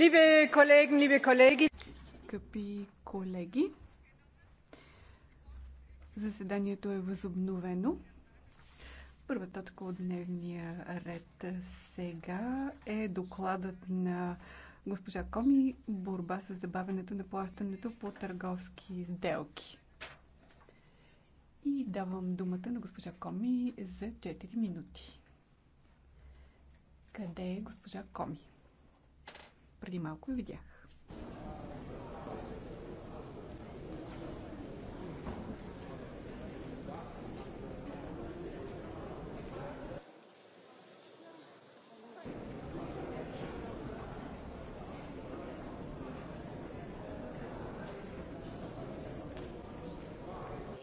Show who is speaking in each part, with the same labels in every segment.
Speaker 1: Liebe Kollegen, liebe Kolleginnen, Скъпи колеги, заседанието е възобновено. Първа точка от дневния ред сега е докладът на госпожа Коми борба с забавянето на плащането по търговски сделки. И давам думата на госпожа Коми за 4 минути. Къде е госпожа Коми? Преди малко видях.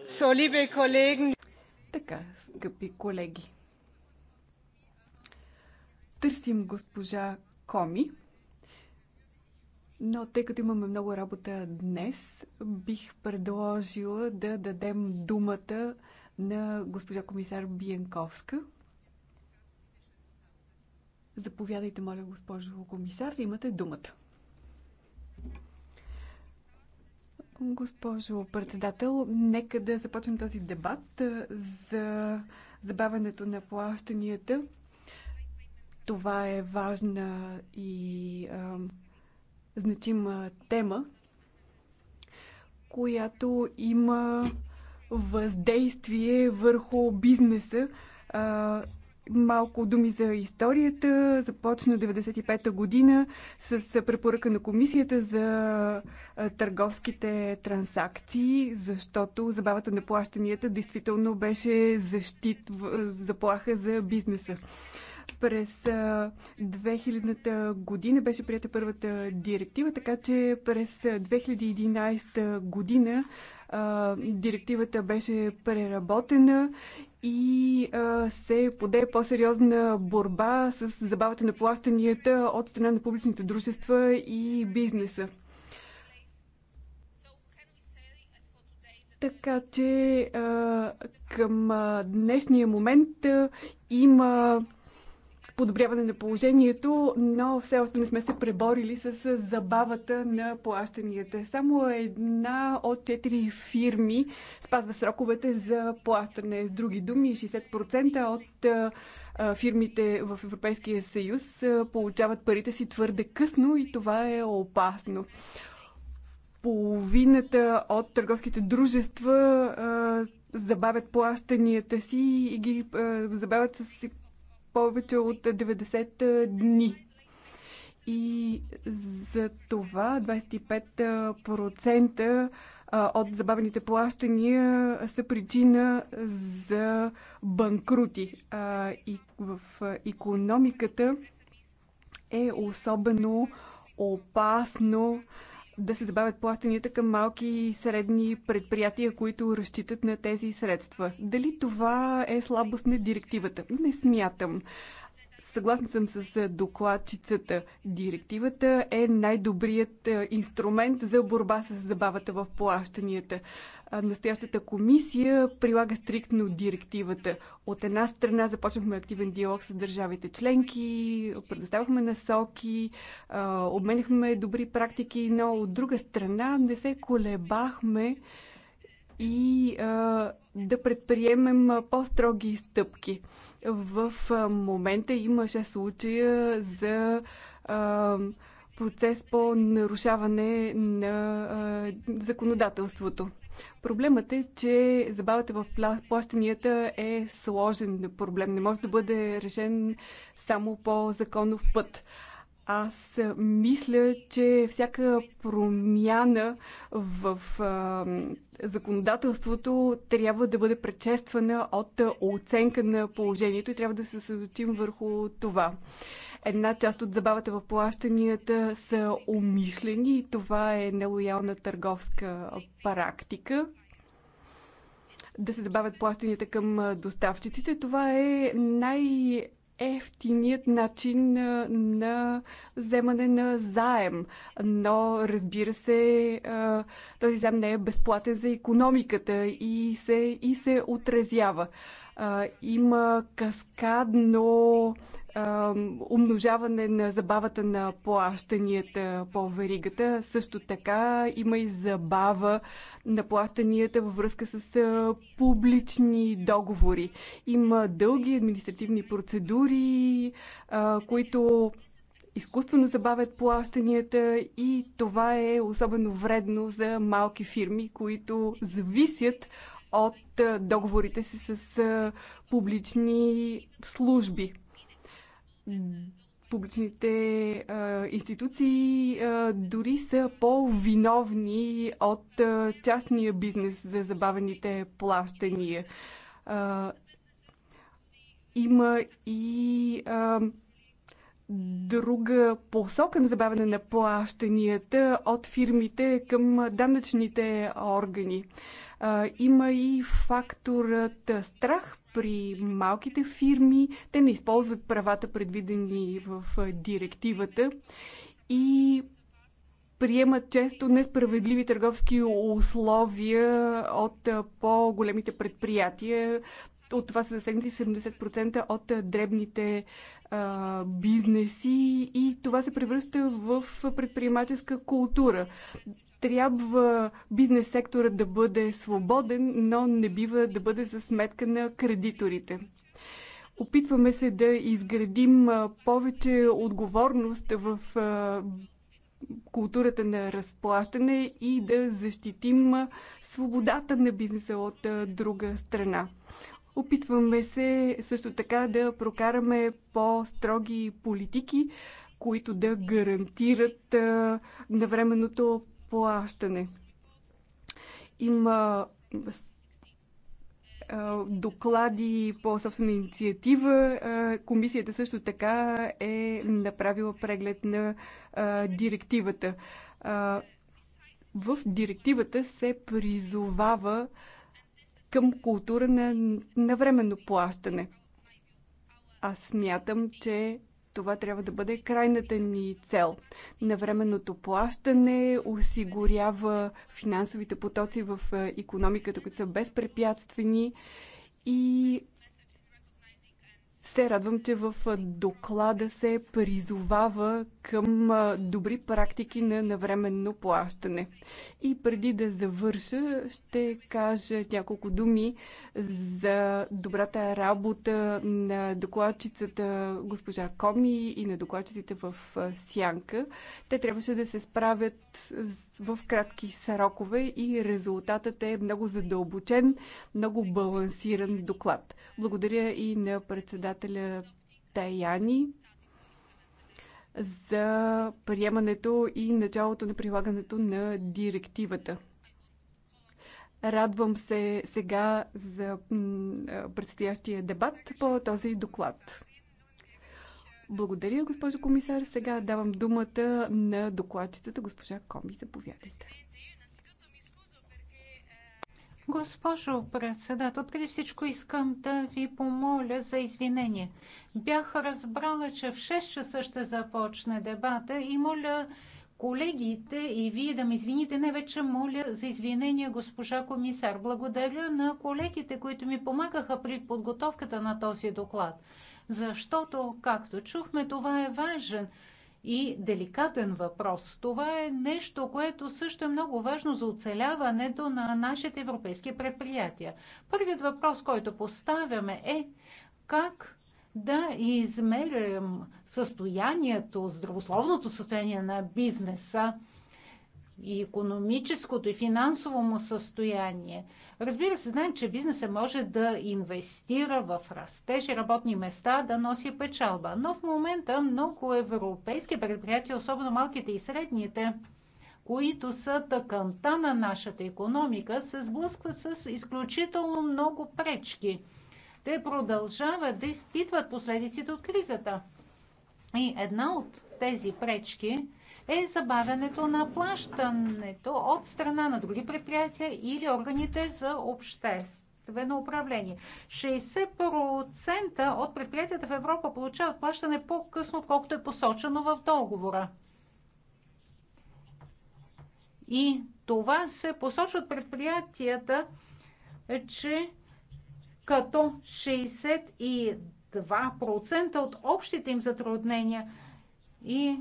Speaker 2: Солибе, колеги,
Speaker 1: Така, скъпи колеги. Търсим госпожа Коми. Но тъй като имаме много работа днес, бих предложила да дадем думата на госпожа комисар Биенковска. Заповядайте, моля, госпожо комисар, имате думата. Госпожо председател, нека да започнем този дебат за забавянето на плащанията. Това е важна и значима тема, която има въздействие върху бизнеса. Малко думи за историята. Започна 95-та година с препоръка на комисията за търговските трансакции, защото забавата на плащанията действително беше защит, заплаха за бизнеса. През 2000-та година беше прията първата директива, така че през 2011 година директивата беше преработена и се поде по-сериозна борба с забавата на плащанията от страна на публичните дружества и бизнеса. Така че към днешния момент има подобряване на положението, но все още не сме се преборили с забавата на плащанията. Само една от четири фирми спазва сроковете за плащане. С други думи, 60% от фирмите в Европейския съюз получават парите си твърде късно и това е опасно. Половината от търговските дружества забавят плащанията си и ги забавят с повече от 90 дни. И за това 25% от забавените плащания са причина за банкрути. И в економиката е особено опасно да се забавят плащанията към малки и средни предприятия, които разчитат на тези средства. Дали това е слабост на директивата? Не смятам. Съгласна съм с докладчицата. Директивата е най-добрият инструмент за борба с забавата в плащанията. Настоящата комисия прилага стриктно директивата. От една страна започнахме активен диалог с държавите членки, предоставяхме насоки, обменяхме добри практики, но от друга страна не се колебахме и да предприемем по-строги стъпки. В момента имаше случая за а, процес по нарушаване на а, законодателството. Проблемът е, че забавата в плащанията е сложен проблем. Не може да бъде решен само по законов път. Аз мисля, че всяка промяна в а, законодателството трябва да бъде предшествана от оценка на положението и трябва да се съсредоточим върху това. Една част от забавата в плащанията са умишлени и това е нелоялна търговска практика да се забавят плащанията към доставчиците. Това е най- ефтиният начин на вземане на заем. Но, разбира се, този заем не е безплатен за економиката и се, и се отразява. Има каскадно умножаване на забавата на плащанията по веригата. Също така има и забава на плащанията във връзка с публични договори. Има дълги административни процедури, които изкуствено забавят плащанията и това е особено вредно за малки фирми, които зависят от договорите си с публични служби публичните а, институции а, дори са по-виновни от а, частния бизнес за забавените плащания. А, има и а, друга посока на забавяне на плащанията от фирмите към данъчните органи. А, има и факторът страх при малките фирми те не използват правата, предвидени в директивата и приемат често несправедливи търговски условия от по-големите предприятия. От това са засегнати 70% от дребните а, бизнеси и това се превръща в предприемаческа култура трябва бизнес секторът да бъде свободен, но не бива да бъде за сметка на кредиторите. Опитваме се да изградим повече отговорност в културата на разплащане и да защитим свободата на бизнеса от друга страна. Опитваме се също така да прокараме по-строги политики, които да гарантират навременното плащане. Има доклади по собствена инициатива. Комисията също така е направила преглед на директивата. В директивата се призовава към култура на навременно плащане. Аз смятам, че това трябва да бъде крайната ни цел. Навременното плащане осигурява финансовите потоци в економиката, които са безпрепятствени и се радвам, че в доклада се призовава към добри практики на навременно плащане. И преди да завърша, ще кажа няколко думи за добрата работа на докладчицата госпожа Коми и на докладчиците в Сянка. Те трябваше да се справят в кратки срокове и резултатът е много задълбочен, много балансиран доклад. Благодаря и на председателя Таяни за приемането и началото на прилагането на директивата. Радвам се сега за предстоящия дебат по този доклад. Благодаря, госпожо комисар. Сега давам думата на докладчицата госпожа Коми. Заповядайте.
Speaker 2: Госпожо председател, преди всичко искам да ви помоля за извинение. Бях разбрала, че в 6 часа ще започне дебата и моля колегите и вие да ме извините. Не вече моля за извинение, госпожа комисар. Благодаря на колегите, които ми помагаха при подготовката на този доклад защото, както чухме, това е важен и деликатен въпрос. Това е нещо, което също е много важно за оцеляването на нашите европейски предприятия. Първият въпрос, който поставяме е как да измерим състоянието, здравословното състояние на бизнеса и економическото и финансово му състояние. Разбира се, знаем, че бизнесът може да инвестира в растеж и работни места, да носи печалба. Но в момента много европейски предприятия, особено малките и средните, които са тъканта на нашата економика, се сблъскват с изключително много пречки. Те продължават да изпитват последиците от кризата. И една от тези пречки е забавянето на плащането от страна на други предприятия или органите за обществено управление. 60% от предприятията в Европа получават плащане по-късно, отколкото е посочено в договора. И това се посочва от предприятията, че като 62% от общите им затруднения и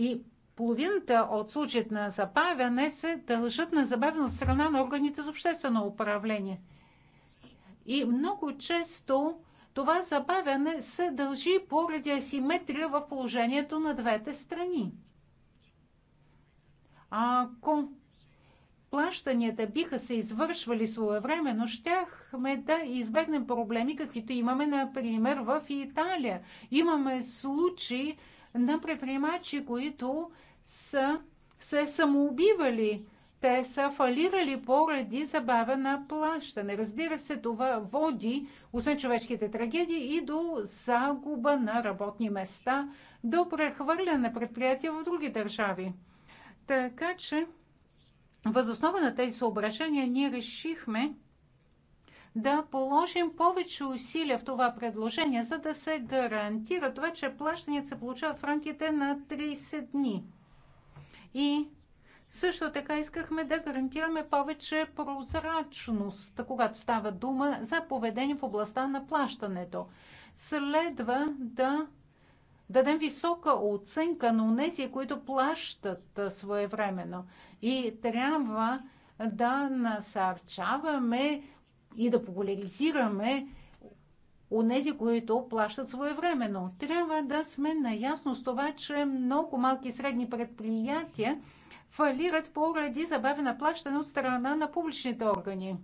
Speaker 2: И половината от случаите на забавяне се дължат на забавяне от страна на органите за обществено управление. И много често това забавяне се дължи поради асиметрия в положението на двете страни. Ако плащанията биха се извършвали своевременно, щяхме да избегнем проблеми, каквито имаме, например, в Италия. Имаме случаи, на предприемачи, които са се самоубивали. Те са фалирали поради забава на плащане. Разбира се, това води, освен човешките трагедии, и до загуба на работни места, до прехвърляне на предприятия в други държави. Така че, възоснова на тези съображения, ние решихме да положим повече усилия в това предложение, за да се гарантира това, че плащанията се получават в рамките на 30 дни. И също така искахме да гарантираме повече прозрачност, когато става дума за поведение в областта на плащането. Следва да дадем висока оценка на тези, които плащат своевременно. И трябва да насърчаваме и да популяризираме нези, които плащат своевременно. Трябва да сме наясно с това, че много малки и средни предприятия фалират поради забавена плащане от страна на публичните органи.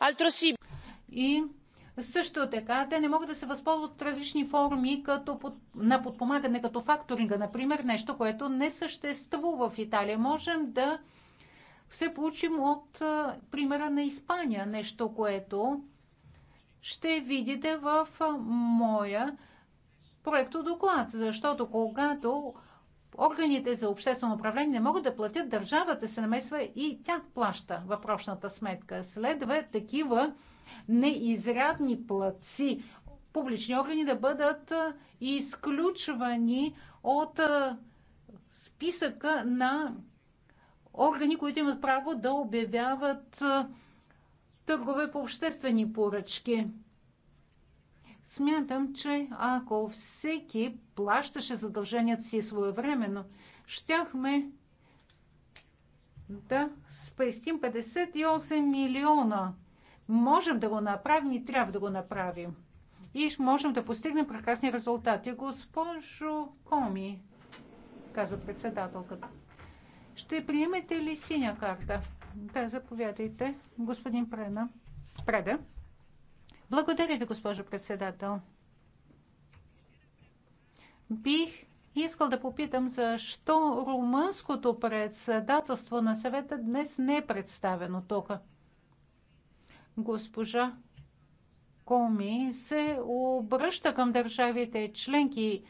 Speaker 2: Альтроси. И също така, те не могат да се възползват от различни форми като под, на подпомагане, като факторинга, например, нещо, което не съществува в Италия. Можем да все получим от примера на Испания, нещо, което ще видите в моя проектодоклад, защото когато органите за обществено управление не могат да платят, държавата се намесва и тя плаща въпрочната сметка. Следва такива неизрядни плаци, публични органи да бъдат изключвани от списъка на органи, които имат право да обявяват търгове по обществени поръчки. Смятам, че ако всеки плащаше задълженията си своевременно, щяхме да спестим 58 милиона. Можем да го направим и трябва да го направим. И можем да постигнем прекрасни резултати. Госпожо Коми, казва председателката. Ще приемете ли синя карта? Да, заповядайте, господин Прена. Преда. Благодаря ви, госпожо председател. Бих искал да попитам защо румънското председателство на съвета днес не е представено тук. Госпожа Коми се обръща към държавите членки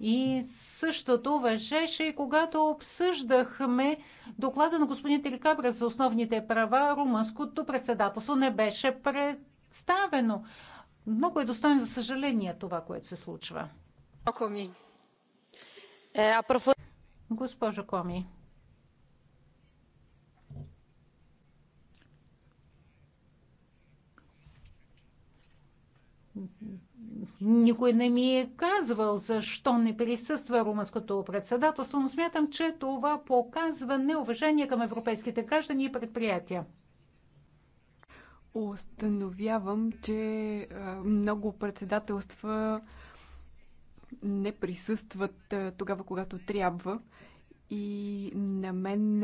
Speaker 2: и същото вършеше и когато обсъждахме доклада на господин Теликабра за основните права, румънското председателство не беше представено. Много е достойно за съжаление това, което се случва. Госпожо Коми, Никой не ми е казвал защо не присъства румънското председателство, но смятам, че това показва неуважение към европейските граждани и предприятия.
Speaker 1: Установявам, че много председателства не присъстват тогава, когато трябва. И на мен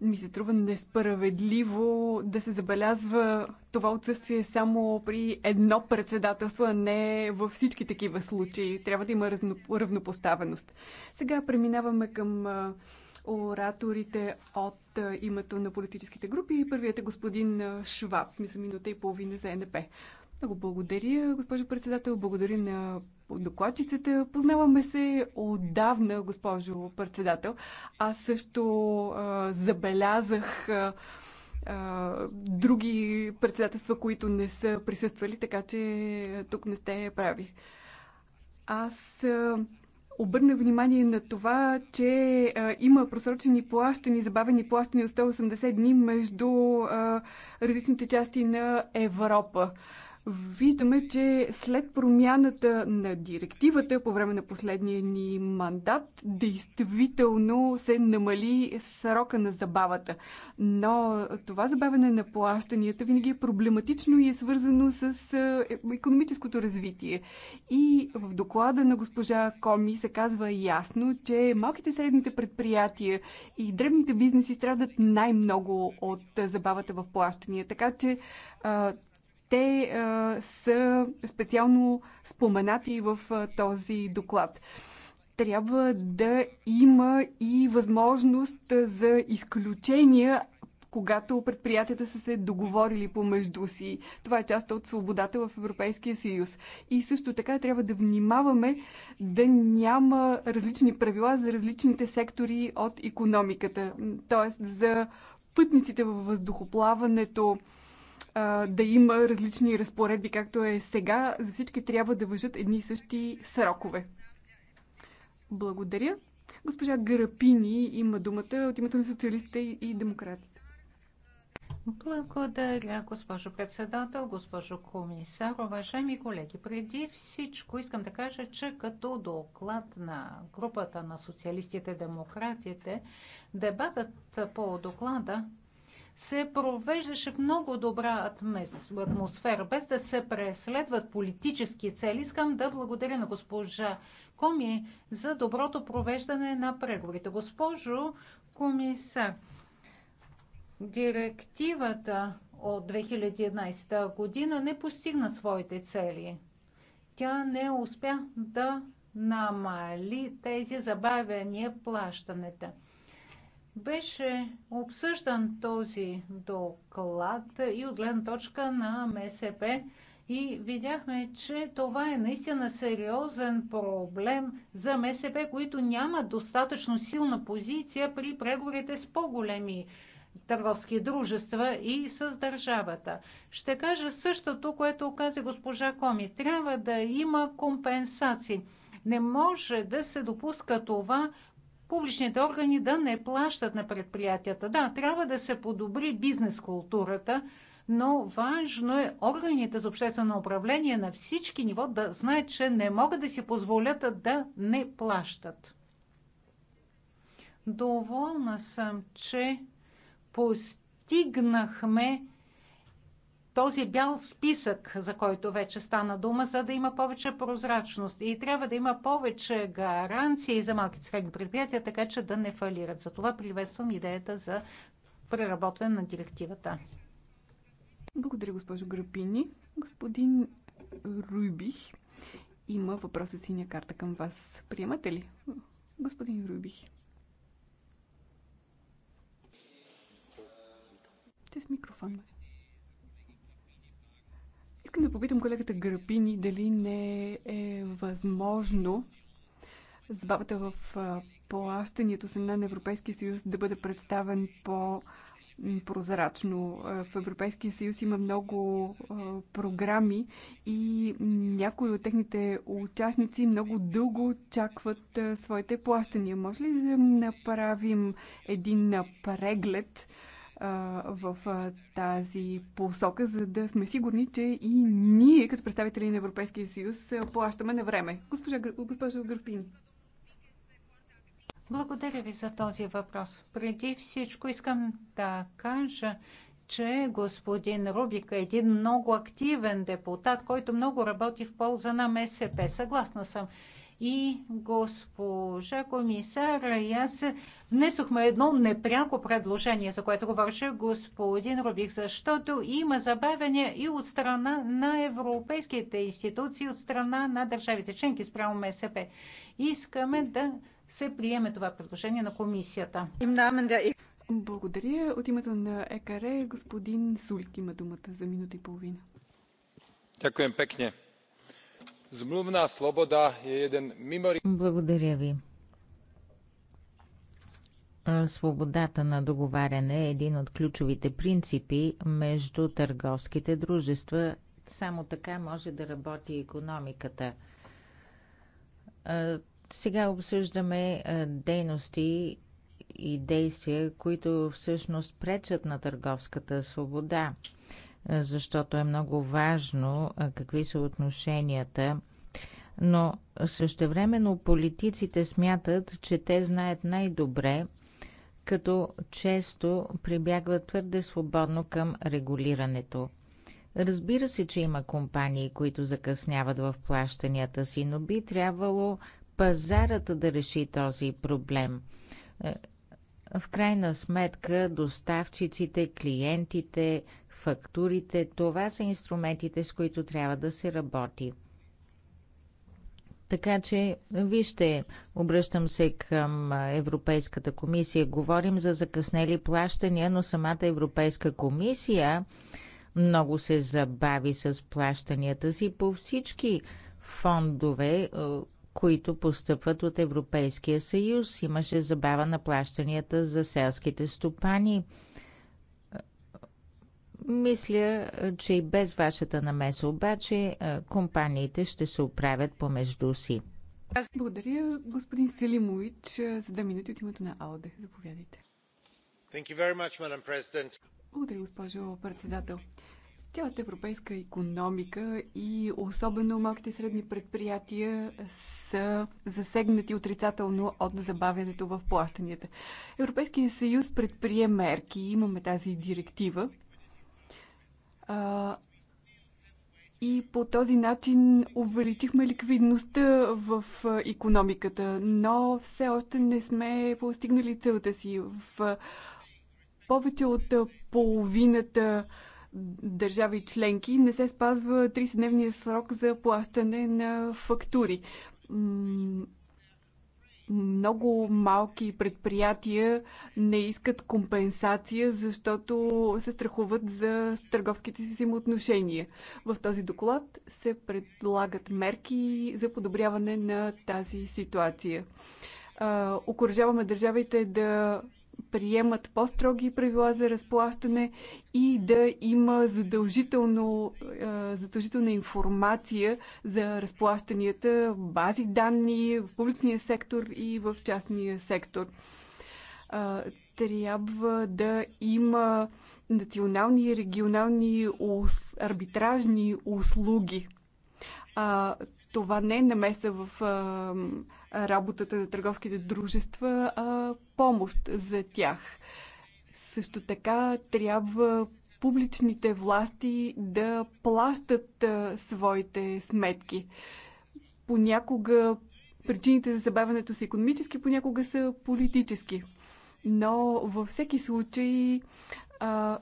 Speaker 1: ми се трува несправедливо да се забелязва това отсъствие само при едно председателство, а не във всички такива случаи. Трябва да има равнопоставеност. Сега преминаваме към ораторите от името на политическите групи. Първият е господин Шваб, мисля минута и половина за НП. Много благодаря, госпожо председател. Благодаря на докладчицата. Познаваме се отдавна, госпожо председател. Аз също а, забелязах а, а, други председателства, които не са присъствали, така че тук не сте прави. Аз а, обърна внимание на това, че а, има просрочени плащани, забавени плащани от 180 дни между а, различните части на Европа. Виждаме, че след промяната на директивата по време на последния ни мандат, действително се намали срока на забавата. Но това забавяне на плащанията винаги е проблематично и е свързано с економическото развитие. И в доклада на госпожа Коми се казва ясно, че малките средните предприятия и древните бизнеси страдат най-много от забавата в плащания. Така че те а, е, са специално споменати в а, е, този доклад. Трябва да има и възможност за изключения, когато предприятията са се договорили помежду си. Това е част от свободата в Европейския съюз. И също така трябва да внимаваме да няма различни правила за различните сектори от економиката. Тоест за пътниците във въздухоплаването, а, да има различни разпоредби, както е сега. За всички трябва да въжат едни и същи срокове. Благодаря. Госпожа Грапини има думата от името на социалистите и демократите.
Speaker 2: Благодаря, госпожо председател, госпожо комисар, уважаеми колеги. Преди всичко искам да кажа, че като доклад на групата на социалистите и демократите, дебатът по доклада се провеждаше в много добра атмосфера, без да се преследват политически цели. Искам да благодаря на госпожа Коми за доброто провеждане на преговорите. Госпожо комисар, директивата от 2011 година не постигна своите цели. Тя не успя да намали тези забавяния в плащането. Беше обсъждан този доклад и от гледна точка на МСП и видяхме, че това е наистина сериозен проблем за МСП, които нямат достатъчно силна позиция при преговорите с по-големи търговски дружества и с държавата. Ще кажа същото, което каза госпожа Коми. Трябва да има компенсации. Не може да се допуска това публичните органи да не плащат на предприятията. Да, трябва да се подобри бизнес културата, но важно е органите за обществено управление на всички ниво да знаят, че не могат да си позволят да не плащат. Доволна съм, че постигнахме този бял списък, за който вече стана дума, за да има повече прозрачност. И трябва да има повече гаранции за малките средни предприятия, така че да не фалират. За това приветствам идеята за преработване на директивата.
Speaker 1: Благодаря, госпожо Грапини. Господин Рубих има въпроса с синя карта към вас. Приемате ли? Господин Рубих. С микрофон. Искам да попитам колегата Грапини дали не е възможно забавата в плащането се на Европейския съюз да бъде представен по прозрачно. В Европейския съюз има много програми и някои от техните участници много дълго очакват своите плащания. Може ли да направим един преглед в тази посока, за да сме сигурни, че и ние, като представители на Европейския съюз, плащаме на време. Госпожа, госпожа Гърпин.
Speaker 2: Благодаря ви за този въпрос. Преди всичко искам да кажа, че господин Рубик е един много активен депутат, който много работи в полза на МСП. Съгласна съм и госпожа комисара и аз внесохме едно непряко предложение, за което говореше господин Рубик, защото има забавяне и от страна на европейските институции, от страна на държавите членки спрямо МСП. Искаме да се приеме това предложение на комисията. Благодаря. От
Speaker 1: името на ЕКАРЕ господин Сулик има думата за минута и половина.
Speaker 3: Дякуем пекне. Zmluvná sloboda je jeden mimori... Благодаря ви. Свободата на договаряне е един от ключовите принципи между търговските дружества. Само така може да работи економиката. Сега обсъждаме дейности и действия, които всъщност пречат на търговската свобода. Е, защото е много важно е, какви са отношенията. Но същевременно политиците смятат, че те знаят най-добре, като често прибягват твърде свободно към регулирането. Разбира се, че има компании, които закъсняват в плащанията си, но би трябвало пазарът да реши този проблем. Е, в крайна сметка, доставчиците, клиентите, фактурите. Това са инструментите, с които трябва да се работи. Така че, вижте, обръщам се към Европейската комисия. Говорим за закъснели плащания, но самата Европейска комисия много се забави с плащанията си по всички фондове, е, които постъпват от Европейския съюз. Имаше забава на плащанията за селските стопани. Мисля, че и без вашата намеса обаче е, компаниите ще се оправят помежду си.
Speaker 1: Аз благодаря господин Селимович е, за две минути от името на АЛДЕ. Заповядайте.
Speaker 3: Much,
Speaker 1: благодаря, госпожо председател. Цялата европейска економика и особено малките и средни предприятия са засегнати отрицателно от забавянето в плащанията. Европейския съюз предприе мерки, имаме тази директива, и по този начин увеличихме ликвидността в економиката, но все още не сме постигнали целта си. В повече от половината държави членки не се спазва 30-дневния срок за плащане на фактури. Много малки предприятия не искат компенсация, защото се страхуват за търговските си взаимоотношения. В този доклад се предлагат мерки за подобряване на тази ситуация. Окоръжаваме държавите да приемат по-строги правила за разплащане и да има задължително, е, задължителна информация за разплащанията, бази данни в публичния сектор и в частния сектор. Е, трябва да има национални и регионални арбитражни услуги това не е намеса в а, работата на търговските дружества, а помощ за тях. Също така трябва публичните власти да плащат а, своите сметки. Понякога причините за забавянето са економически, понякога са политически. Но във всеки случай а,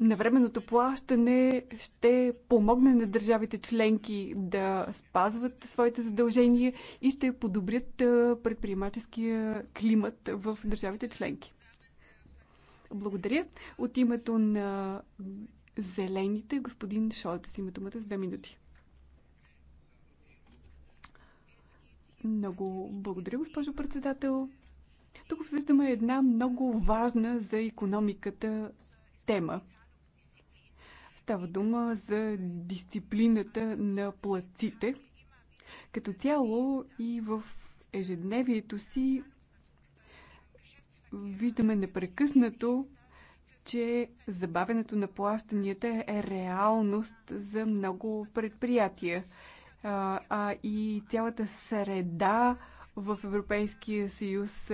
Speaker 1: Навременното плащане ще помогне на държавите членки да спазват своите задължения и ще подобрят предприемаческия климат в държавите членки. Благодаря. От името на зелените, господин Шолтес има думата с две минути. Много благодаря, госпожо председател. Тук обсъждаме една много важна за економиката тема. Става дума за дисциплината на плаците. Като цяло и в ежедневието си виждаме непрекъснато, че забавенето на плащанията е реалност за много предприятия. А, а и цялата среда в Европейския съюз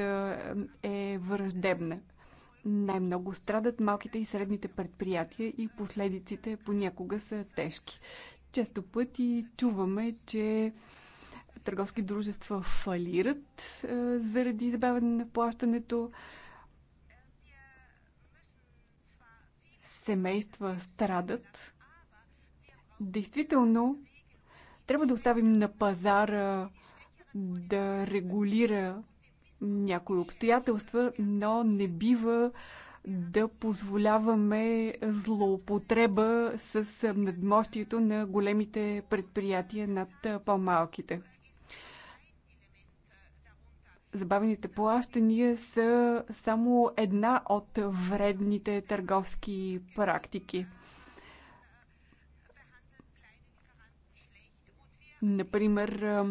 Speaker 1: е враждебна най-много страдат малките и средните предприятия и последиците понякога са тежки. Често пъти чуваме, че търговски дружества фалират е, заради забавяне на плащането. Семейства страдат. Действително, трябва да оставим на пазара да регулира някои обстоятелства, но не бива да позволяваме злоупотреба с надмощието на големите предприятия над по-малките. Забавените плащания са само една от вредните търговски практики. Например,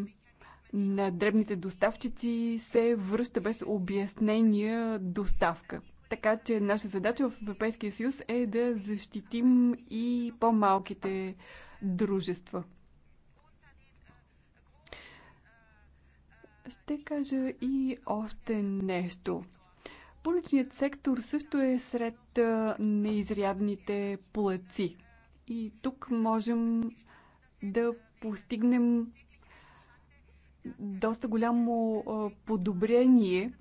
Speaker 1: на дребните доставчици се връща без обяснения доставка. Така че наша задача в Европейския съюз е да защитим и по-малките дружества. Ще кажа и още нещо. Публичният сектор също е сред неизрядните плаци. И тук можем да постигнем доста голямо подобрение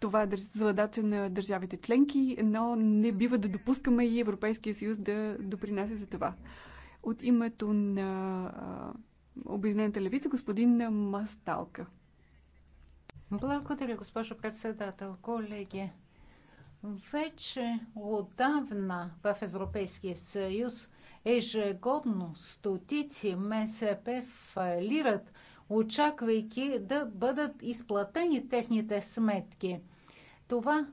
Speaker 1: това е задача на държавите членки, но не бива да допускаме и Европейския съюз да допринася за това. От името на Обединената левица, господин Масталка.
Speaker 2: Благодаря, госпожо председател. Колеги, вече отдавна в Европейския съюз ежегодно стотици МСП фалират – очаквайки да бъдат изплатени техните сметки. Това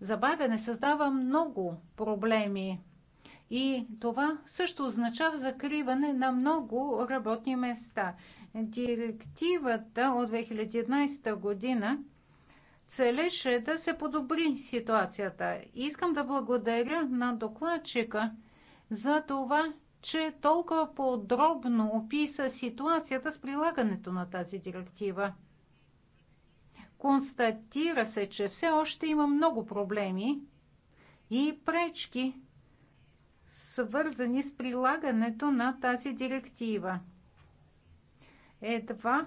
Speaker 2: забавяне създава много проблеми и това също означава закриване на много работни места. Директивата от 2011 година целеше да се подобри ситуацията. Искам да благодаря на докладчика за това, че толкова подробно описа ситуацията с прилагането на тази директива. Констатира се, че все още има много проблеми и пречки, свързани с прилагането на тази директива. Едва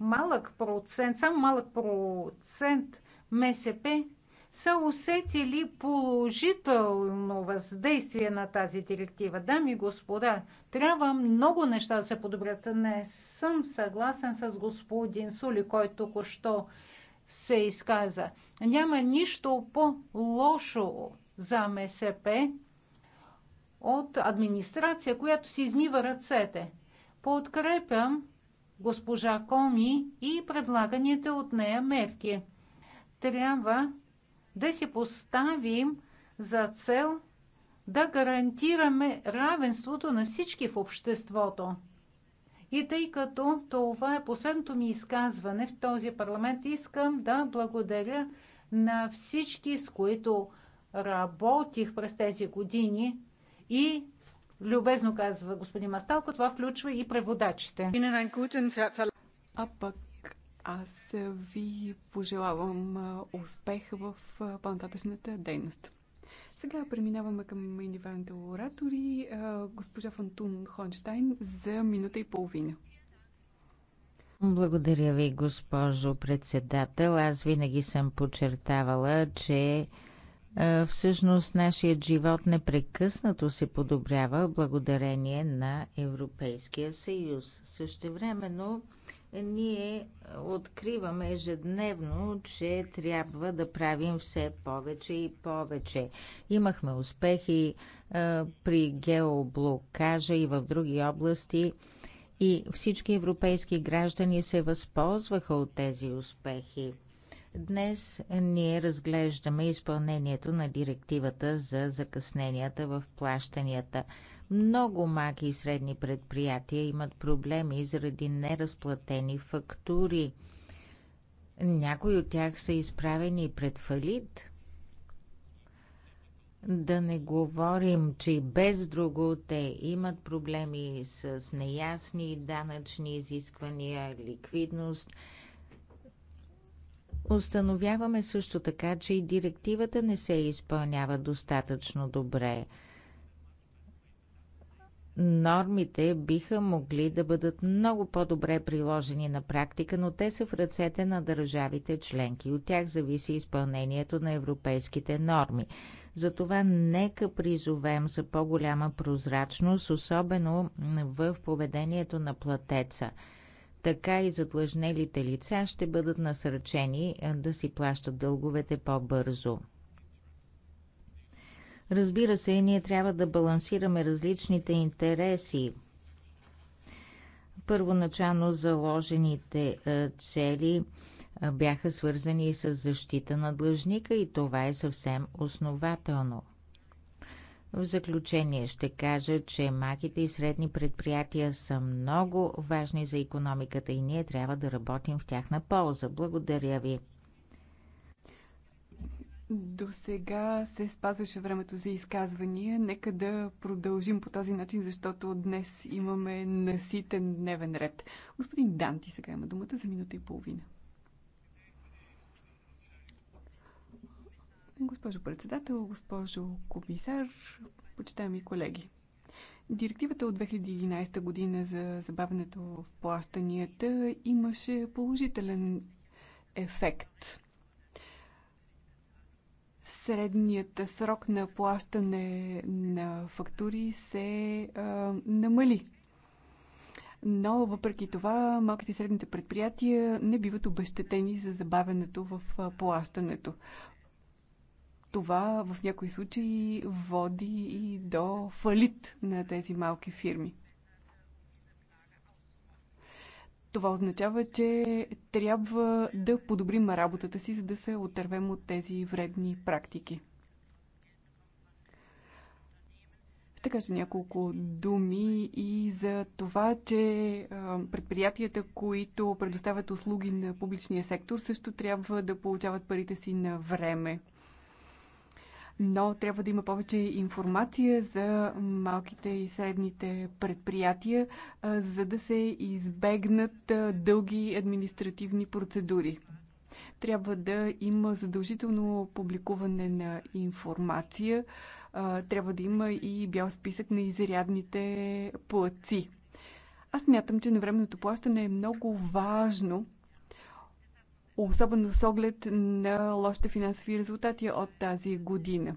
Speaker 2: малък процент, само малък процент МСП са усетили положително въздействие на тази директива. Дами и господа, трябва много неща да се подобрят. Не съм съгласен с господин Сули, който току-що се изказа. Няма нищо по-лошо за МСП от администрация, която си измива ръцете. Подкрепям госпожа Коми и предлаганите от нея мерки. Трябва да си поставим за цел да гарантираме равенството на всички в обществото. И тъй като това е последното ми изказване в този парламент, искам да благодаря на всички, с които работих през тези години и любезно казва господин Масталко, това включва и преводачите. А пък аз ви пожелавам успех
Speaker 1: в по-нататъчната дейност. Сега преминаваме към индивидуалните оратори. Госпожа Фантун Хонштайн за минута и половина.
Speaker 3: Благодаря ви, госпожо председател. Аз винаги съм подчертавала, че всъщност нашият живот непрекъснато се подобрява благодарение на Европейския съюз. Също времено ние откриваме ежедневно, че трябва да правим все повече и повече. Имахме успехи а, е, при геоблокажа и в други области и всички европейски граждани се възползваха от тези успехи. Днес ние разглеждаме изпълнението на директивата за закъсненията в плащанията. Много малки и средни предприятия имат проблеми заради неразплатени фактури. Някои от тях са изправени пред фалит. Да не говорим, че без друго те имат проблеми с неясни данъчни изисквания, ликвидност. Установяваме също така, че и директивата не се изпълнява достатъчно добре – нормите биха могли да бъдат много по-добре приложени на практика, но те са в ръцете на държавите членки. От тях зависи изпълнението на европейските норми. Затова нека призовем за по-голяма прозрачност, особено в поведението на платеца. Така и задлъжнелите лица ще бъдат насръчени да си плащат дълговете по-бързо. Разбира се, ние трябва да балансираме различните интереси. Първоначално заложените цели бяха свързани с защита на длъжника и това е съвсем основателно. В заключение ще кажа, че маките и средни предприятия са много важни за економиката и ние трябва да работим в тяхна полза. Благодаря ви.
Speaker 1: До сега се спазваше времето за изказвания. Нека да продължим по този начин, защото днес имаме наситен дневен ред. Господин Данти сега има думата за минута и половина. Госпожо председател, госпожо комисар, почитаеми колеги. Директивата от 2011 година за забавянето в плащанията имаше положителен ефект – средният срок на плащане на фактури се а, намали. Но въпреки това, малките и средните предприятия не биват обещетени за забавянето в плащането. Това в някои случаи води и до фалит на тези малки фирми. Това означава, че трябва да подобрим работата си, за да се отървем от тези вредни практики. Ще кажа няколко думи и за това, че предприятията, които предоставят услуги на публичния сектор, също трябва да получават парите си на време но трябва да има повече информация за малките и средните предприятия, за да се избегнат дълги административни процедури. Трябва да има задължително публикуване на информация, трябва да има и бял списък на изрядните плаци. Аз мятам, че навременното плащане е много важно – особено с оглед на лошите финансови резултати от тази година.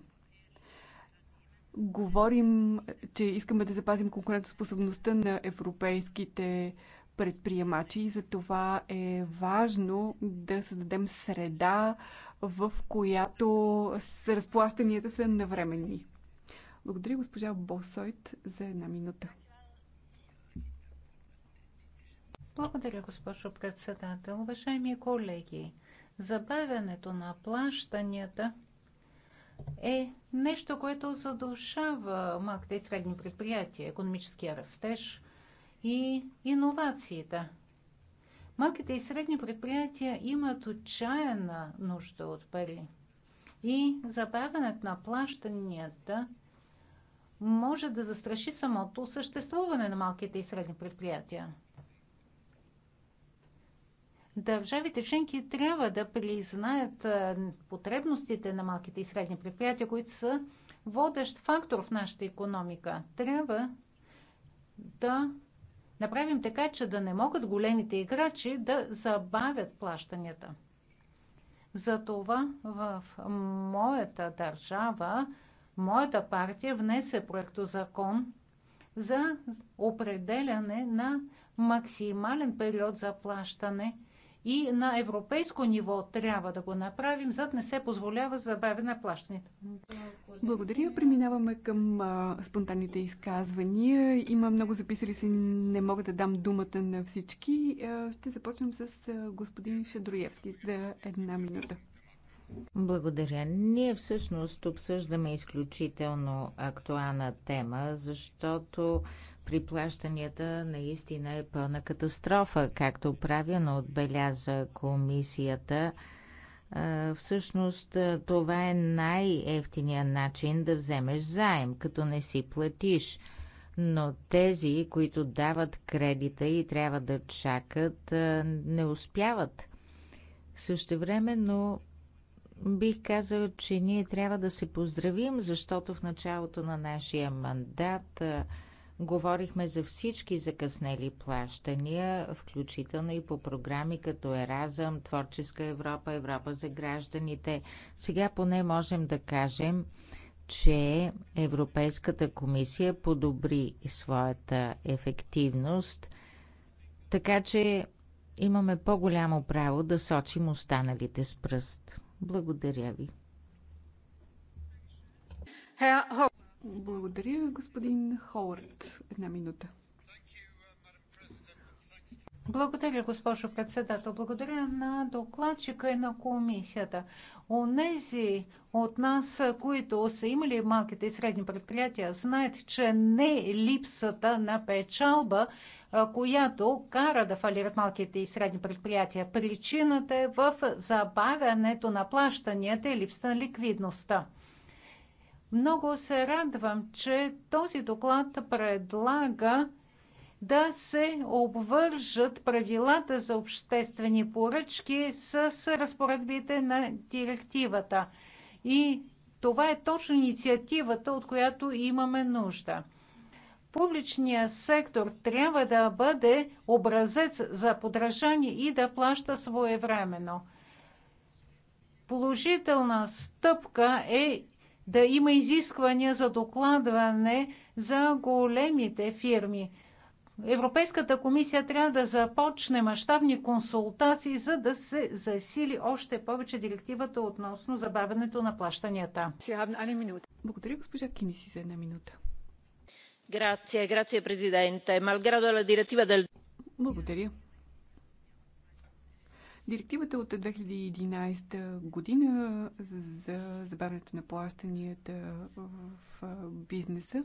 Speaker 1: Говорим, че искаме да запазим конкурентоспособността на европейските предприемачи и за това е важно да създадем среда, в която разплащанията са навременни. Благодаря госпожа Босойт
Speaker 2: за една минута. Благодаря, госпожо председател. Уважаеми колеги, забавянето на плащанията е нещо, което задушава малките и средни предприятия, економическия растеж и иновациите. Малките и средни предприятия имат отчаяна нужда от пари. И забавянето на плащанията може да застраши самото съществуване на малките и средни предприятия. Държавите членки трябва да признаят потребностите на малките и средни предприятия, които са водещ фактор в нашата економика. Трябва да направим така, че да не могат големите играчи да забавят плащанията. Затова в моята държава, моята партия внесе проекто закон за определяне на максимален период за плащане и на европейско ниво трябва да го направим, за да не се позволява забавяне на плащането.
Speaker 1: Благодаря. Преминаваме към а, спонтанните изказвания. Има много записали се, не мога да дам думата на всички. А, ще започнем с а, господин Шадроевски за една минута.
Speaker 3: Благодаря. Ние всъщност обсъждаме изключително актуална тема, защото при плащанията наистина е пълна катастрофа, както правилно отбеляза комисията. Всъщност това е най-ефтиният начин да вземеш заем, като не си платиш. Но тези, които дават кредита и трябва да чакат, не успяват. Също но бих казал, че ние трябва да се поздравим, защото в началото на нашия мандат Говорихме за всички закъснели плащания, включително и по програми като Еразъм, Творческа Европа, Европа за гражданите. Сега поне можем да кажем, че Европейската комисия подобри своята ефективност, така че имаме по-голямо право да сочим останалите с пръст. Благодаря ви.
Speaker 1: Благодаря, господин
Speaker 2: Ховард. Една минута. Благодаря, госпожо председател. Благодаря на докладчика и на комисията. Онези от нас, които са имали малките и средни предприятия, знаят, че не е липсата на печалба, която кара да фалират малките и средни предприятия. Причината е в забавянето на плащанията и липсата на ликвидността. Много се радвам, че този доклад предлага да се обвържат правилата за обществени поръчки с разпоредбите на директивата. И това е точно инициативата, от която имаме нужда. Публичният сектор трябва да бъде образец за подражание и да плаща своевременно. Положителна стъпка е да има изисквания за докладване за големите фирми. Европейската комисия трябва да започне мащабни консултации, за да се засили още повече директивата относно забавянето на плащанията. Благодаря, госпожа Киниси, за една минута.
Speaker 3: Благодаря, президенте. Благодаря.
Speaker 1: Директивата от 2011 година за забавянето на плащанията в бизнеса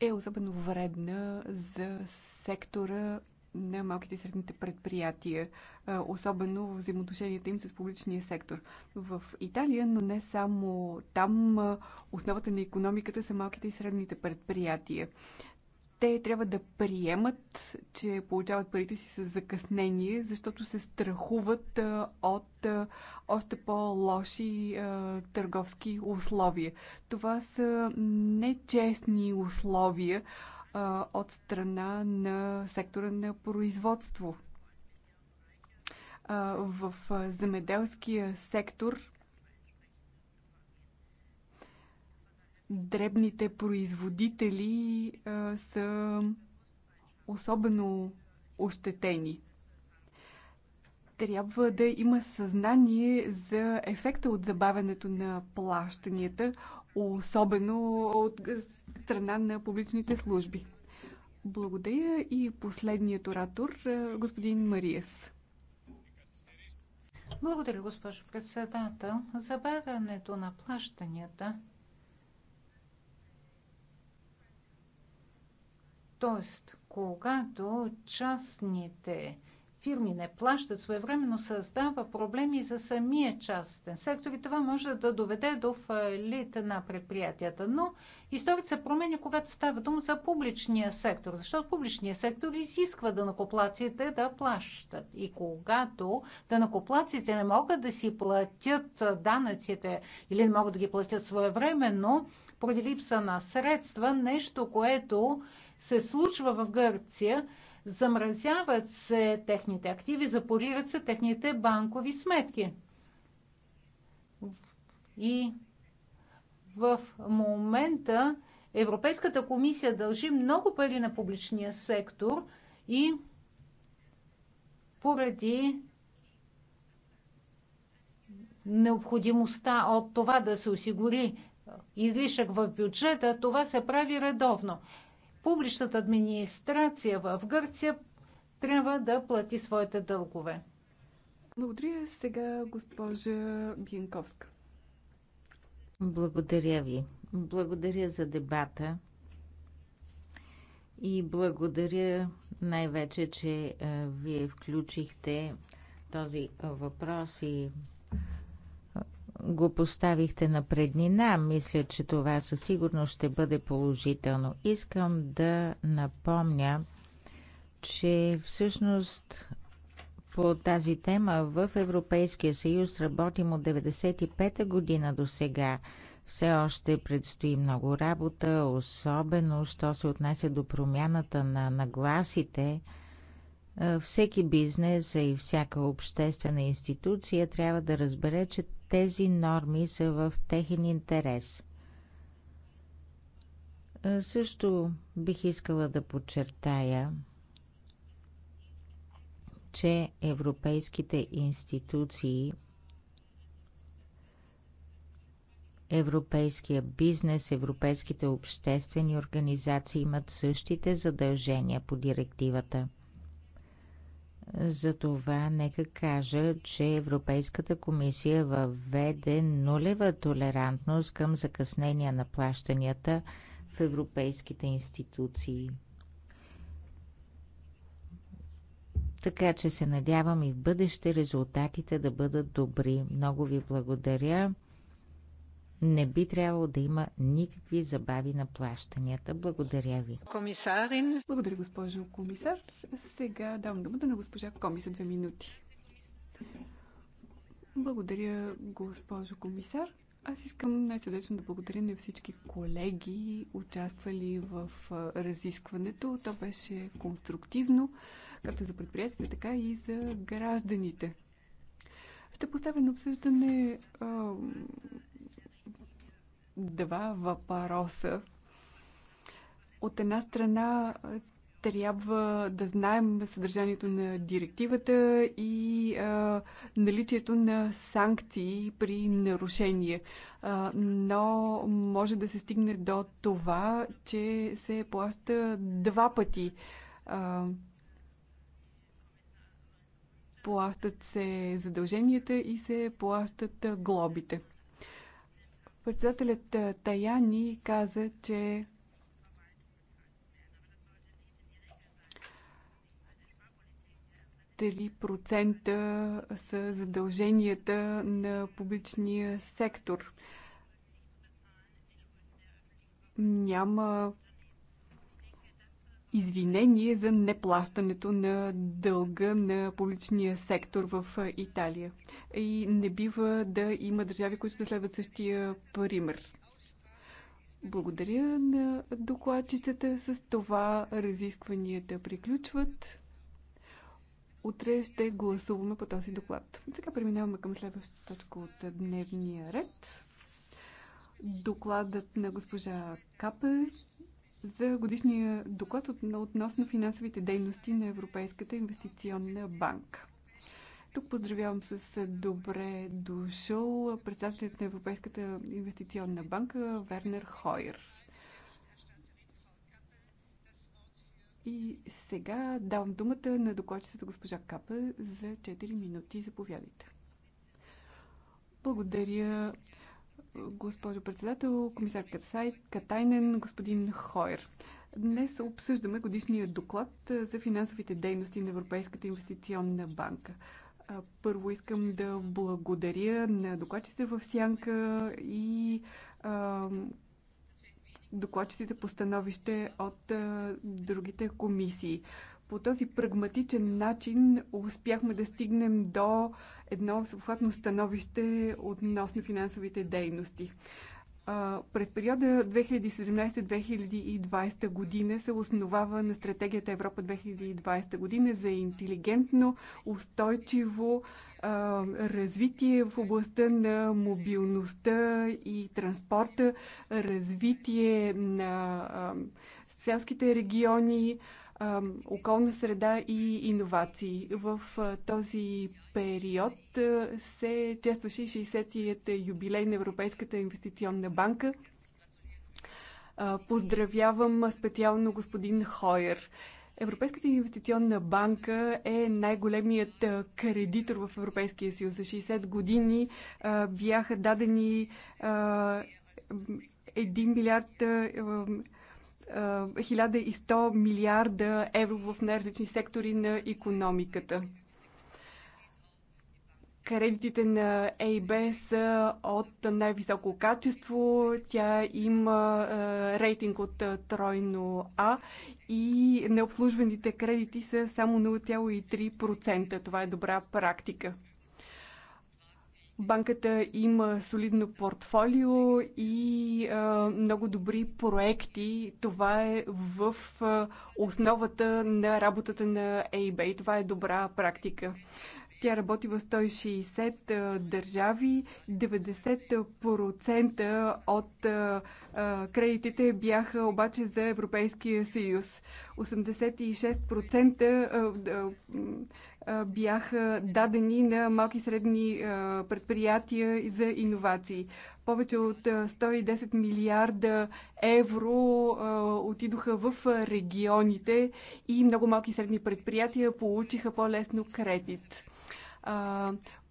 Speaker 1: е особено вредна за сектора на малките и средните предприятия, особено в взаимоотношенията им с публичния сектор. В Италия, но не само там, основата на економиката са малките и средните предприятия те трябва да приемат, че получават парите си с закъснение, защото се страхуват от още по-лоши търговски условия. Това са нечестни условия от страна на сектора на производство. В земеделския сектор дребните производители а, са особено ощетени. Трябва да има съзнание за ефекта от забавянето на плащанията, особено от страна на публичните служби. Благодаря и последният
Speaker 2: оратор, господин Мариес. Благодаря, госпожо председател. Забавянето на плащанията Тоест, когато частните фирми не плащат своевременно, създава проблеми за самия частен сектор и това може да доведе до фалит на предприятията. Но историята се променя, когато става дума за публичния сектор, защото публичния сектор изисква данакоплаците да плащат. И когато данакоплаците не могат да си платят данъците или не могат да ги платят своевременно, поради липса на средства, нещо, което се случва в Гърция. Замразяват се техните активи, запорират се техните банкови сметки. И в момента Европейската комисия дължи много пари на публичния сектор и поради необходимостта от това да се осигури излишък в бюджета, това се прави редовно публичната администрация в Гърция трябва да плати своите дългове. Благодаря сега госпожа Бинковска.
Speaker 3: Благодаря ви.
Speaker 2: Благодаря
Speaker 3: за дебата. И благодаря най-вече, че вие включихте този въпрос и го поставихте на преднина. Мисля, че това със сигурност ще бъде положително. Искам да напомня, че всъщност по тази тема в Европейския съюз работим от 95-та година до сега. Все още предстои много работа, особено що се отнася до промяната на нагласите. Всеки бизнес и всяка обществена институция трябва да разбере, че тези норми са в техен интерес. Също бих искала да подчертая, че европейските институции, европейския бизнес, европейските обществени организации имат същите задължения по директивата – затова нека кажа, че Европейската комисия въведе нулева толерантност към закъснения на плащанията в европейските институции. Така че се надявам и в бъдеще резултатите да бъдат добри. Много ви благодаря не би трябвало да има никакви забави на плащанията. Благодаря ви.
Speaker 1: Комисарин. Благодаря, госпожо комисар. Сега давам думата на госпожа Коми за две минути. Благодаря, госпожо комисар. Аз искам най-сърдечно да благодаря на всички колеги, участвали в разискването. То беше конструктивно, както за предприятията, така и за гражданите. Ще поставя на обсъждане а, два въпроса. От една страна трябва да знаем съдържанието на директивата и а, наличието на санкции при нарушение. А, но може да се стигне до това, че се плаща два пъти. А, плащат се задълженията и се плащат глобите. Председателят Таяни каза, че процента са задълженията на публичния сектор. Няма извинение за неплащането на дълга на публичния сектор в Италия. И не бива да има държави, които да следват същия пример. Благодаря на докладчицата. С това разискванията приключват. Утре ще гласуваме по този доклад. Сега преминаваме към следващата точка от дневния ред. Докладът на госпожа Капе за годишния доклад относно финансовите дейности на Европейската инвестиционна банка. Тук поздравявам с добре дошъл председателят на Европейската инвестиционна банка Вернер Хойер. И сега давам думата на докладчицата госпожа Капа за 4 минути. Заповядайте. Благодаря, госпожо председател, комисар Катайнен, господин Хойер. Днес обсъждаме годишния доклад за финансовите дейности на Европейската инвестиционна банка. Първо искам да благодаря на докладчите в Сянка и а, по становище от а, другите комисии. А, по този прагматичен начин успяхме да стигнем до едно съвхватно становище относно финансовите дейности. През периода 2017-2020 година се основава на стратегията Европа 2020 година за интелигентно, устойчиво а, развитие в областта на мобилността и транспорта, развитие на а, селските региони, околна среда и иновации. В този период се честваше 60 тият юбилей на Европейската инвестиционна банка. Поздравявам специално господин Хойер. Европейската инвестиционна банка е най-големият кредитор в Европейския съюз. За 60 години бяха дадени 1 милиард 1100 е, милиарда евро в най-различни сектори на економиката. Кредитите на ЕИБ са от най-високо качество. Тя има е, рейтинг от е, тройно А и необслужваните кредити са само 0,3%. Това е добра практика. Банката има солидно портфолио и а, много добри проекти. Това е в а, основата на работата на eBay. това е добра практика. Тя работи в 160 държави. 90% от кредитите бяха обаче за Европейския съюз. 86% бяха дадени на малки и средни предприятия за иновации. Повече от 110 милиарда евро отидоха в регионите и много малки и средни предприятия получиха по-лесно кредит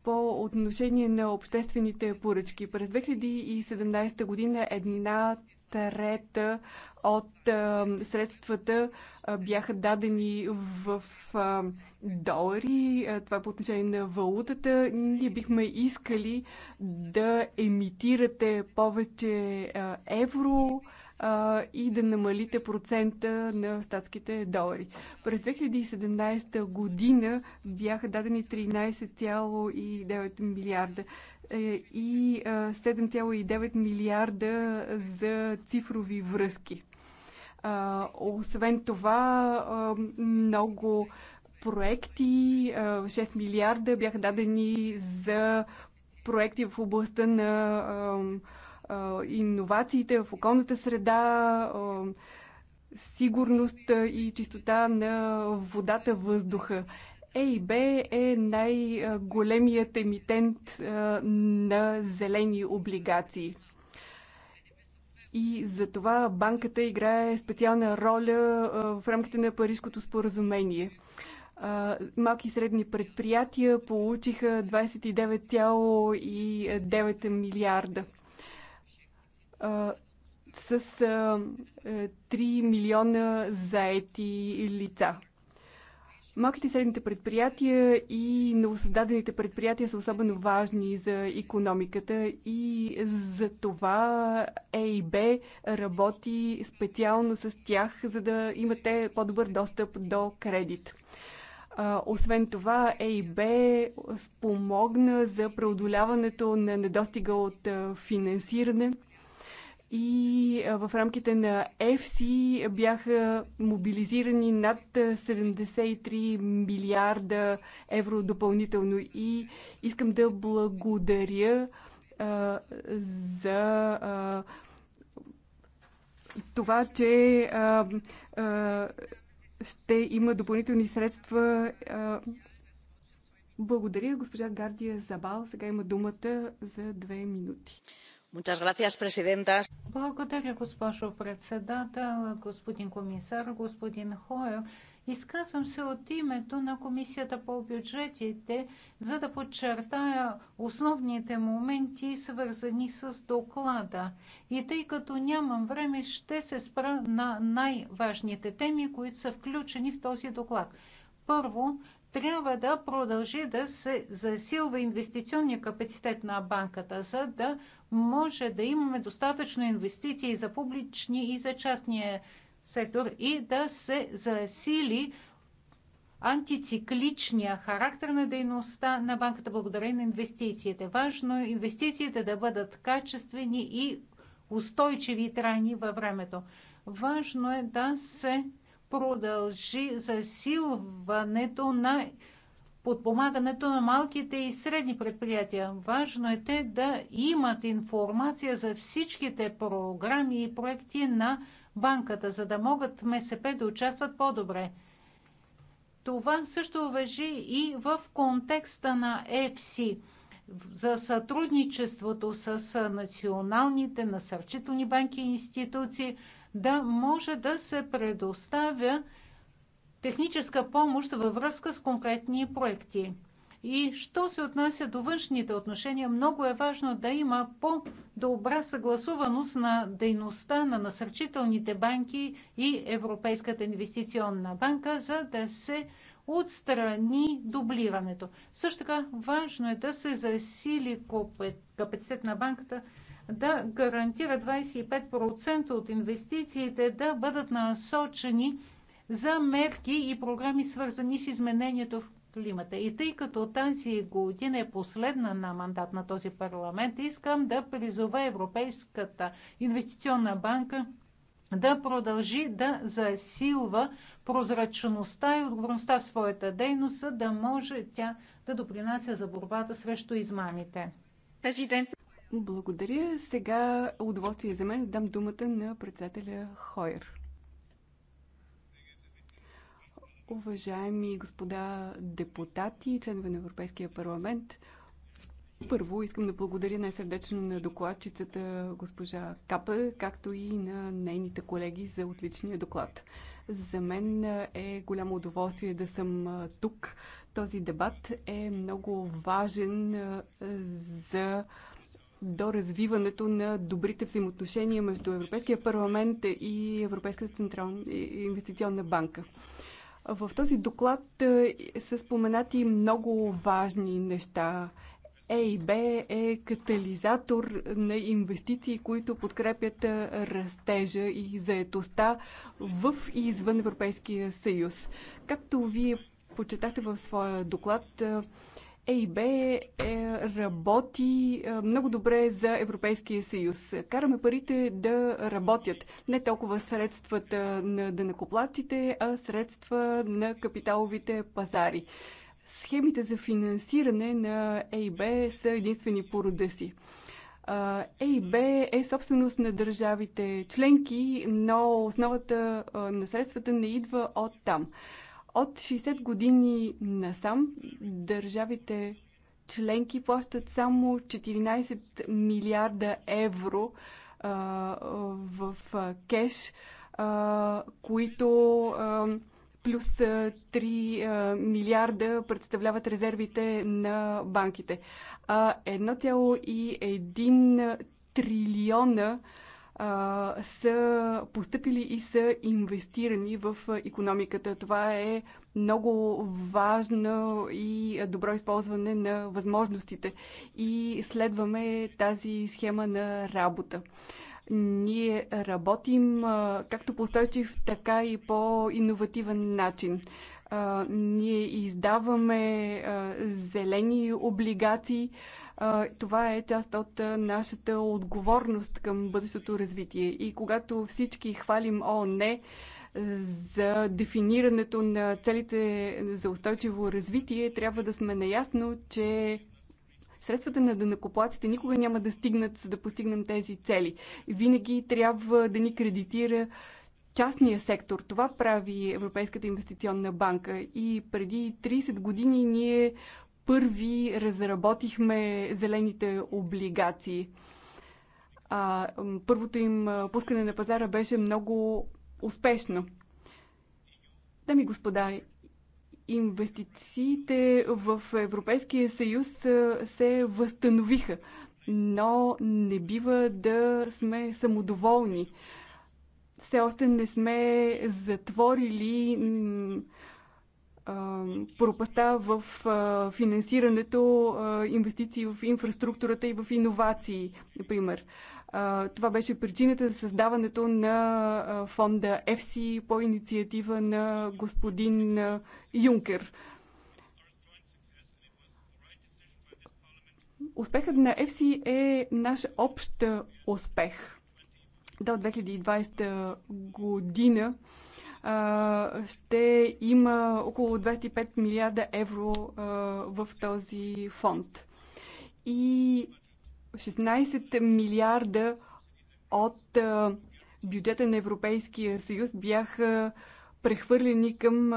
Speaker 1: по отношение на обществените поръчки. През 2017 година една трета от а, средствата а, бяха дадени в а, долари. А, това е по отношение на валутата. Ние бихме искали да емитирате повече а, евро а, и да намалите процента на статските долари. През 2017 година бяха дадени 13,9 милиарда. Е, и 7,9 милиарда за цифрови връзки. Освен това, много проекти, 6 милиарда бяха дадени за проекти в областта на иновациите в околната среда, сигурност и чистота на водата, въздуха. ЕИБ е най-големият емитент на зелени облигации. И за това банката играе специална роля в рамките на Парижското споразумение. Малки и средни предприятия получиха 29,9 милиарда. С 3 милиона заети лица. Малките и средните предприятия и новосъздадените предприятия са особено важни за економиката и за това ЕИБ работи специално с тях, за да имате по-добър достъп до кредит. Освен това, ЕИБ спомогна за преодоляването на недостига от финансиране – и в рамките на FC бяха мобилизирани над 73 милиарда евро допълнително и искам да благодаря а, за а, това, че а, а, ще има допълнителни средства. А, благодаря, госпожа Гардия Забал. Сега има думата
Speaker 2: за две минути госпожо председател, господин комисар, господин Хойер. Изказвам се от името на Комисията по бюджетите, за да подчертая основните моменти, свързани с доклада. И тъй като нямам време, ще се спра на най-важните теми, които са включени в този доклад. Първо, трябва да продължи да се засилва инвестиционния капацитет на банката, за да може да имаме достатъчно инвестиции за публични и за частния сектор и да се засили антицикличния характер на дейността на банката благодарение на инвестициите. Важно е инвестициите да бъдат качествени и устойчиви и трайни във времето. Важно е да се продължи засилването на подпомагането на малките и средни предприятия. Важно е те да имат информация за всичките програми и проекти на банката, за да могат МСП да участват по-добре. Това също въжи и в контекста на ЕФСИ за сътрудничеството с националните насърчителни банки и институции да може да се предоставя техническа помощ във връзка с конкретни проекти. И що се отнася до външните отношения, много е важно да има по-добра съгласуваност на дейността на насърчителните банки и Европейската инвестиционна банка, за да се отстрани дублирането. Също така важно е да се засили капацитет на банката да гарантира 25% от инвестициите да бъдат насочени за мерки и програми, свързани с изменението в климата. И тъй като тази година е последна на мандат на този парламент, искам да призова Европейската инвестиционна банка да продължи да засилва прозрачността и отговорността в своята дейност, да може тя да допринася за борбата срещу измамите. Президент. Благодаря. Сега удоволствие за мен дам думата на председателя
Speaker 1: Хойер. Уважаеми господа депутати, членове на Европейския парламент, първо искам да благодаря най-сърдечно на докладчицата госпожа Капа, както и на нейните колеги за отличния доклад. За мен е голямо удоволствие да съм тук. Този дебат е много важен за до развиването на добрите взаимоотношения между Европейския парламент и Европейската централна инвестиционна банка. В този доклад е, са споменати много важни неща. ЕИБ е катализатор на инвестиции, които подкрепят е, растежа и заетостта в и извън Европейския съюз. Както вие почетате в своя доклад, е, ЕИБ е, работи е, много добре за Европейския съюз. Караме парите да работят. Не толкова средствата на дънакоплаците, а средства на капиталовите пазари. Схемите за финансиране на ЕИБ са единствени по рода си. ЕИБ е собственост на държавите членки, но основата на средствата не идва от там. От 60 години насам държавите членки плащат само 14 милиарда евро а, в а, кеш, а, които а, плюс 3 милиарда представляват резервите на банките. А 1,1 трилиона а, са поступили и са инвестирани в економиката. Това е много важно и добро използване на възможностите. И следваме тази схема на работа ние работим както по устойчив, така и по иновативен начин. Ние издаваме зелени облигации, това е част от нашата отговорност към бъдещото развитие. И когато всички хвалим ООН е, за дефинирането на целите за устойчиво развитие, трябва да сме наясно, че средствата на дънакоплаците никога няма да стигнат, за да постигнем тези цели. Винаги трябва да ни кредитира частния сектор. Това прави Европейската инвестиционна банка. И преди 30 години ние първи разработихме зелените облигации. А, първото им пускане на пазара беше много успешно. Дами господа, инвестициите в Европейския съюз се възстановиха, но не бива да сме самодоволни. Все още не сме затворили пропаста в финансирането, инвестиции в инфраструктурата и в иновации, например. Това беше причината за създаването на фонда EFSI по инициатива на господин Юнкер. Успехът на EFSI е наш общ успех. До 2020 година ще има около 25 милиарда евро в този фонд. И 16 милиарда от бюджета на Европейския съюз бяха прехвърлени към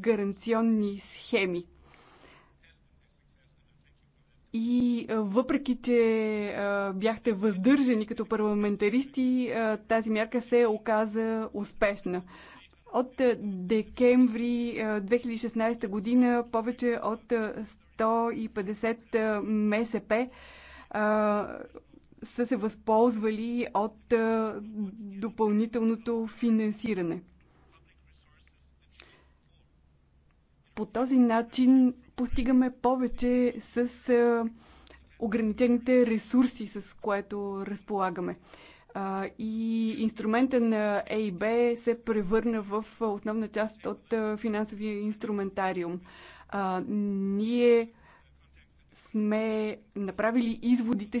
Speaker 1: гаранционни схеми. И въпреки, че бяхте въздържани като парламентаристи, тази мярка се оказа успешна. От е, декември 2016 е, година повече от 150 е, МСП са се възползвали от допълнителното финансиране. По този начин постигаме повече с ограничените ресурси, с което разполагаме а, и инструмента на ЕИБ се превърна в основна част от финансовия инструментариум. А, ние сме направили изводите си